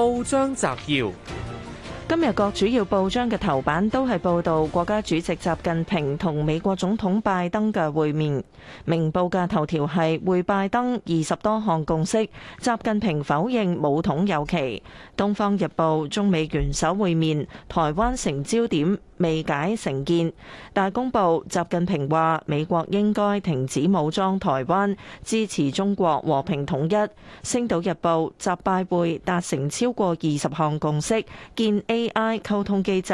報章摘要：今日各主要報章嘅頭版都係報道國家主席習近平同美國總統拜登嘅會面。明報嘅頭條係會拜登二十多項共識，習近平否認武統有期。東方日報：中美元首會面，台灣成焦點。未解成見，大公報，習近平話美國應該停止武裝台灣，支持中國和平統一。星島日報，習拜會達成超過二十項共識，建 AI 溝通機制。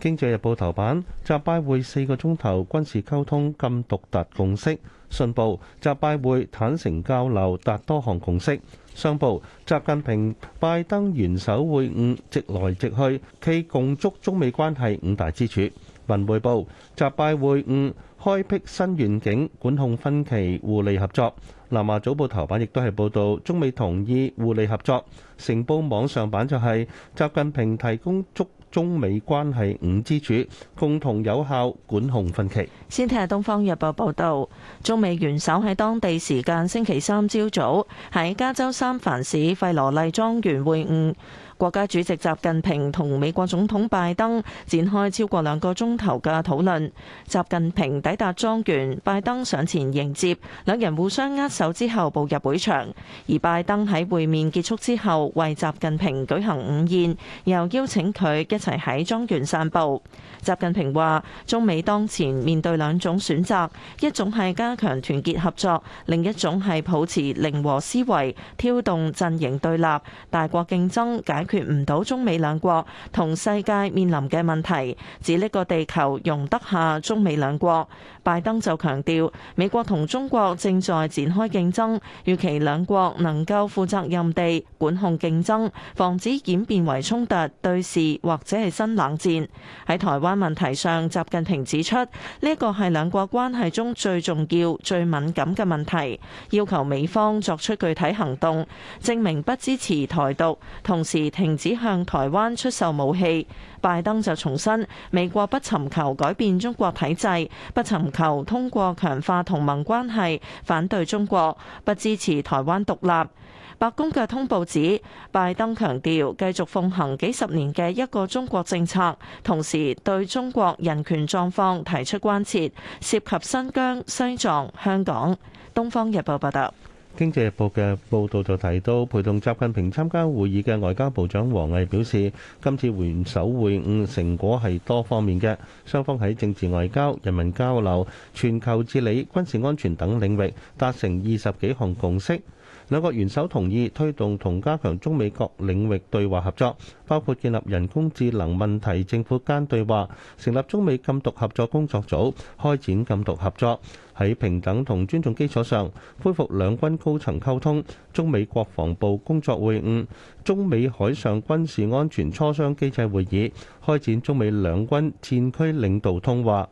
經濟日報頭版習拜會四個鐘頭，軍事溝通更達共識。信報，習拜會坦誠交流達多項共識。商報，習近平拜登元首會晤直來直去，冀共築中美關係五大支柱。文匯報，習拜會晤開闢新願景，管控分歧，互利合作。南華早報頭版亦都係報導中美同意互利合作。成報網上版就係習近平提供足。中美關係五支柱，共同有效管控分歧。先睇下《東方日報》報道，中美元首喺當地時間星期三朝早，喺加州三藩市費羅麗莊園會晤。國家主席習近平同美國總統拜登展開超過兩個鐘頭嘅討論。習近平抵達莊園，拜登上前迎接，兩人互相握手之後步入會場。而拜登喺會面結束之後，為習近平舉行午宴，又邀請佢一齊喺莊園散步。習近平話：中美當前面對兩種選擇，一種係加強團結合作，另一種係抱持零和思維，挑動陣營對立、大國競爭解決唔到中美兩國同世界面臨嘅問題，指呢個地球容得下中美兩國。拜登就強調，美國同中國正在展開競爭，預期兩國能夠負責任地管控競爭，防止演變為衝突、對峙或者係新冷戰。喺台灣問題上，習近平指出呢個係兩國關係中最重要、最敏感嘅問題，要求美方作出具體行動，證明不支持台獨，同時。停止向台灣出售武器，拜登就重申美國不尋求改變中國體制，不尋求通過強化同盟關係反對中國，不支持台灣獨立。白宮嘅通報指，拜登強調繼續奉行幾十年嘅一個中國政策，同時對中國人權狀況提出關切，涉及新疆、西藏、香港。《東方日報》報道。《經濟日報》嘅報導就提到，陪同習近平參加會議嘅外交部長王毅表示，今次元首會晤成果係多方面嘅，雙方喺政治外交、人民交流、全球治理、軍事安全等領域達成二十幾項共識。兩國元首同意推動同加強中美各領域對話合作，包括建立人工智能問題政府間對話、成立中美禁毒合作工作組、開展禁毒合作，喺平等同尊重基礎上恢復兩軍高層溝通、中美國防部工作會晤、中美海上軍事安全磋商機制會議、開展中美兩軍戰區領導通話。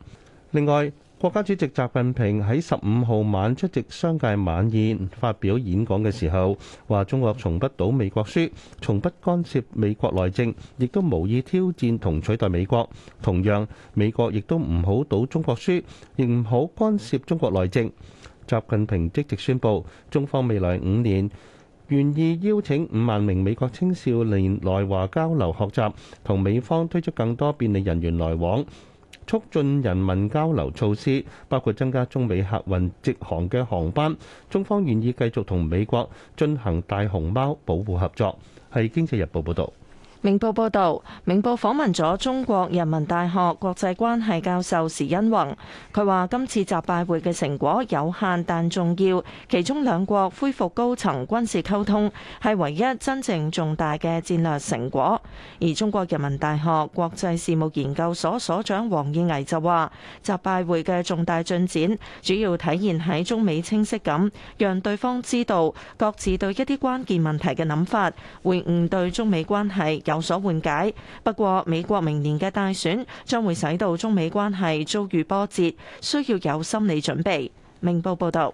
另外，國家主席習近平喺十五號晚出席商界晚宴發表演講嘅時候，話中國從不賭美國輸，從不干涉美國內政，亦都無意挑戰同取代美國。同樣，美國亦都唔好賭中國輸，亦唔好干涉中國內政。習近平即席宣布，中方未來五年願意邀請五萬名美國青少年來華交流學習，同美方推出更多便利人員來往。促進人民交流措施，包括增加中美客運直航嘅航班。中方願意繼續同美國進行大熊貓保護合作。係經濟日報報道。明報報道，明報訪問咗中國人民大學國際關係教授時殷弘，佢話今次習拜會嘅成果有限但重要，其中兩國恢復高層軍事溝通係唯一真正重大嘅戰略成果。而中國人民大學國際事務研究所所長王義桅就話，習拜會嘅重大進展主要體現喺中美清晰地，讓對方知道各自對一啲關鍵問題嘅諗法，會晤對中美關係有有所緩解，不過美國明年嘅大選將會使到中美關係遭遇波折，需要有心理準備。明報報道。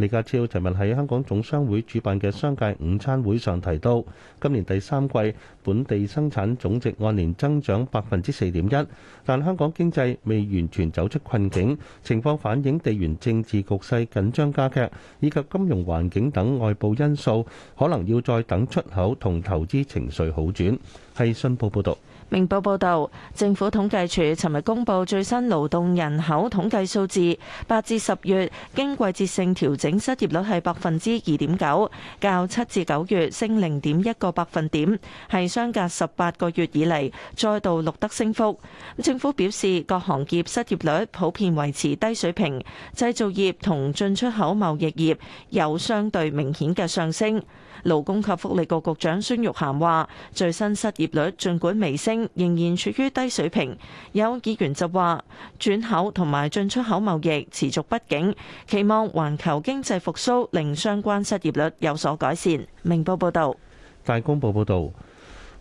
李家超尋日喺香港總商會主辦嘅商界午餐會上提到，今年第三季本地生產總值按年增長百分之四點一，但香港經濟未完全走出困境，情況反映地緣政治局勢緊張加劇以及金融環境等外部因素，可能要再等出口同投資情緒好轉。係信報報道。明報報導，政府統計處尋日公布最新勞動人口統計數字，八至十月經季節性調整失業率係百分之二點九，較七至九月升零點一個百分點，係相隔十八個月以嚟再度錄得升幅。政府表示，各行業失業率普遍維持低水平，製造業同進出口貿易業有相對明顯嘅上升。勞工及福利局局長孫玉菡話：最新失業率儘管微升，仍然處於低水平，有議員就話轉口同埋進出口貿易持續不景，期望環球經濟復甦令相關失業率有所改善。明報報道。大公報報導。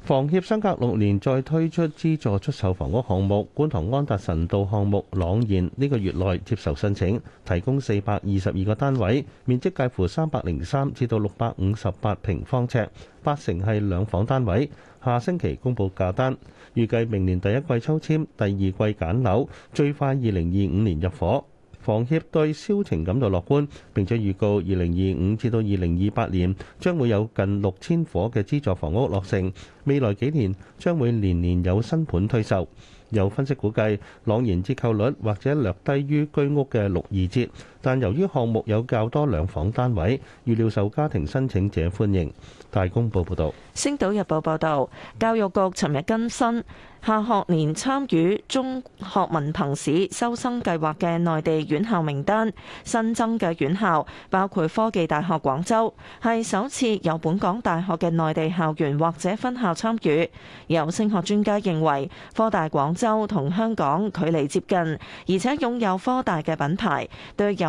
房協相隔六年再推出資助出售房屋項目，觀塘安達臣道項目朗然呢個月內接受申請，提供四百二十二個單位，面積介乎三百零三至到六百五十八平方尺，八成係兩房單位，下星期公布價單，預計明年第一季抽籤，第二季揀樓，最快二零二五年入伙。房協對銷情感到樂觀，並且預告二零二五至到二零二八年將會有近六千伙嘅資助房屋落成。未來幾年將會年年有新盤推售。有分析估計，朗然折扣率或者略低於居屋嘅六二折。但由於項目有較多兩房單位，預料受家庭申請者歡迎。大公報報道，星島日報報道，教育局尋日更新下學年參與中學文憑試收生計劃嘅內地院校名單，新增嘅院校包括科技大學廣州，係首次有本港大學嘅內地校園或者分校參與。有升學專家認為，科大廣州同香港距離接近，而且擁有科大嘅品牌，對有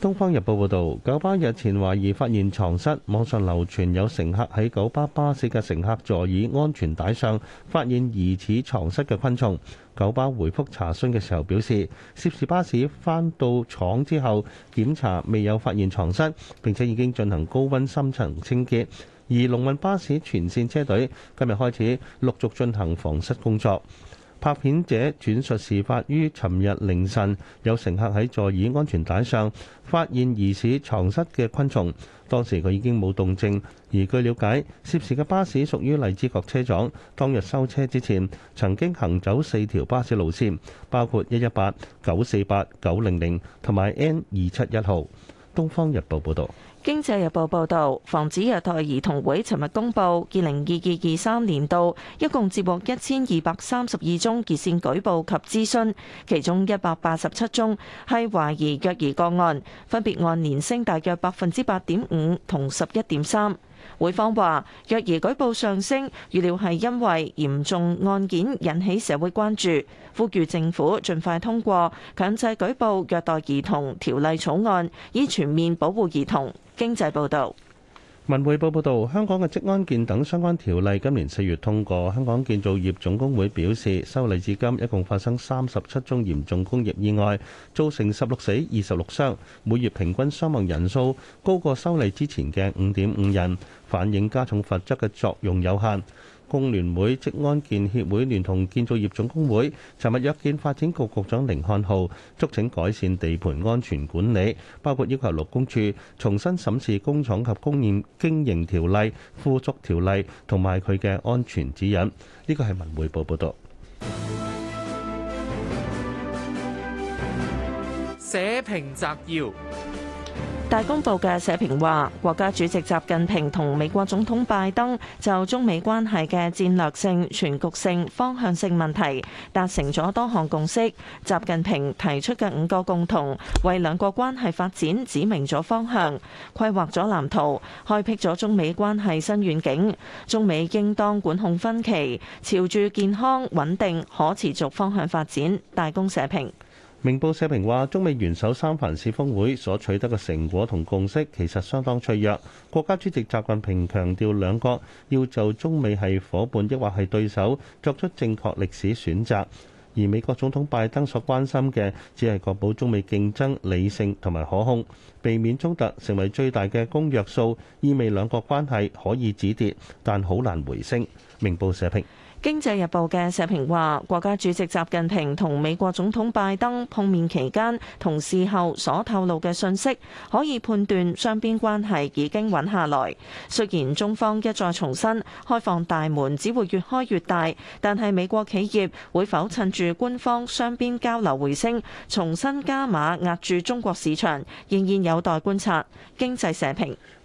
《東方日報》報導，九巴日前懷疑發現床蝨，網上流傳有乘客喺九巴巴士嘅乘客座椅安全帶上發現疑似床蝨嘅昆蟲。九巴回覆查詢嘅時候表示，涉事巴士返到廠之後檢查未有發現床蝨，並且已經進行高溫深層清潔。而龍運巴士全線車隊今日開始陸續進行防蝨工作。拍片者轉述事發於尋日凌晨，有乘客喺座椅安全帶上發現疑似床蝨嘅昆蟲，當時佢已經冇動靜。而據了解，涉事嘅巴士屬於荔枝角車廠，當日收車之前曾經行走四條巴士路線，包括一一八、九四八、九零零同埋 N 二七一號。《東方日報》報道。《經濟日報》報導，防止虐待兒童會尋日公佈，二零二二二三年度一共接獲一千二百三十二宗熱線舉報及諮詢，其中一百八十七宗係懷疑虐兒個案，分別按年升大約百分之八點五同十一點三。會方話虐兒舉報上升，預料係因為嚴重案件引起社會關注，呼籲政府盡快通過強制舉報虐待兒童條例草案，以全面保護兒童。經濟報導，文匯報報導，香港嘅職安健等相關條例今年四月通過。香港建造業總工會表示，修例至今一共發生三十七宗嚴重工業意外，造成十六死二十六傷，每月平均傷亡人數高過修例之前嘅五點五人，反映加重罰則嘅作用有限。工聯會職安建協會聯同建造業總工會尋日約見發展局局長甯漢豪，促請改善地盤安全管理，包括要求勞工處重新審視工廠及工業經營條例、附屬條例同埋佢嘅安全指引。呢個係文匯報報道。社評摘要。大公報嘅社評話，國家主席習近平同美國總統拜登就中美關係嘅戰略性、全局性、方向性問題達成咗多項共識。習近平提出嘅五個共同，為兩國關係發展指明咗方向，規劃咗藍圖，開闢咗中美關係新遠景。中美應當管控分歧，朝住健康、穩定、可持續方向發展。大公社評。明報社評話，中美元首三藩市峰會所取得嘅成果同共識其實相當脆弱。國家主席習近平強調，兩國要就中美係伙伴抑或係對手作出正確歷史選擇。而美國總統拜登所關心嘅，只係確保中美競爭理性同埋可控，避免衝突成為最大嘅公約數，意味兩國關係可以止跌，但好難回升。明報社評。《經濟日報》嘅社評話：國家主席習近平同美國總統拜登碰面期間，同事後所透露嘅信息，可以判斷雙邊關係已經穩下來。雖然中方一再重申開放大門只會越開越大，但係美國企業會否趁住官方雙邊交流回升，重新加碼壓住中國市場，仍然有待觀察。經濟社評。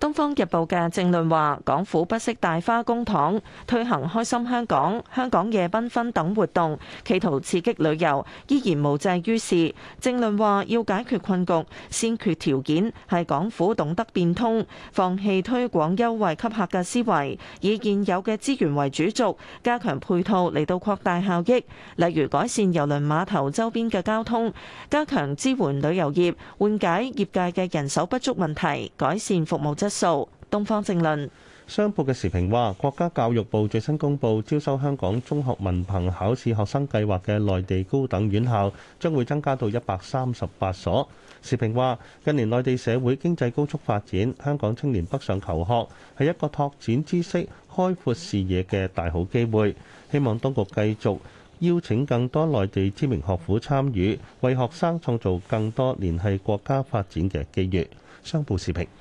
《東方日報》嘅政論話，港府不惜大花公帑推行《開心香港》《香港夜繽紛》等活動，企圖刺激旅遊，依然無濟於事。政論話，要解決困局，先決條件係港府懂得變通，放棄推廣優惠吸客嘅思維，以現有嘅資源為主軸，加強配套嚟到擴大效益。例如改善郵輪碼頭周邊嘅交通，加強支援旅遊業，緩解業界嘅人手不足問題，改善服務質。數《東方正論》商報嘅時評話：國家教育部最新公布招收香港中學文憑考試學生計劃嘅內地高等院校將會增加到一百三十八所。時評話：近年內地社會經濟高速發展，香港青年北上求學係一個拓展知識、開闊視野嘅大好機會。希望當局繼續邀請更多內地知名學府參與，為學生創造更多聯繫國家發展嘅機遇。商報時評。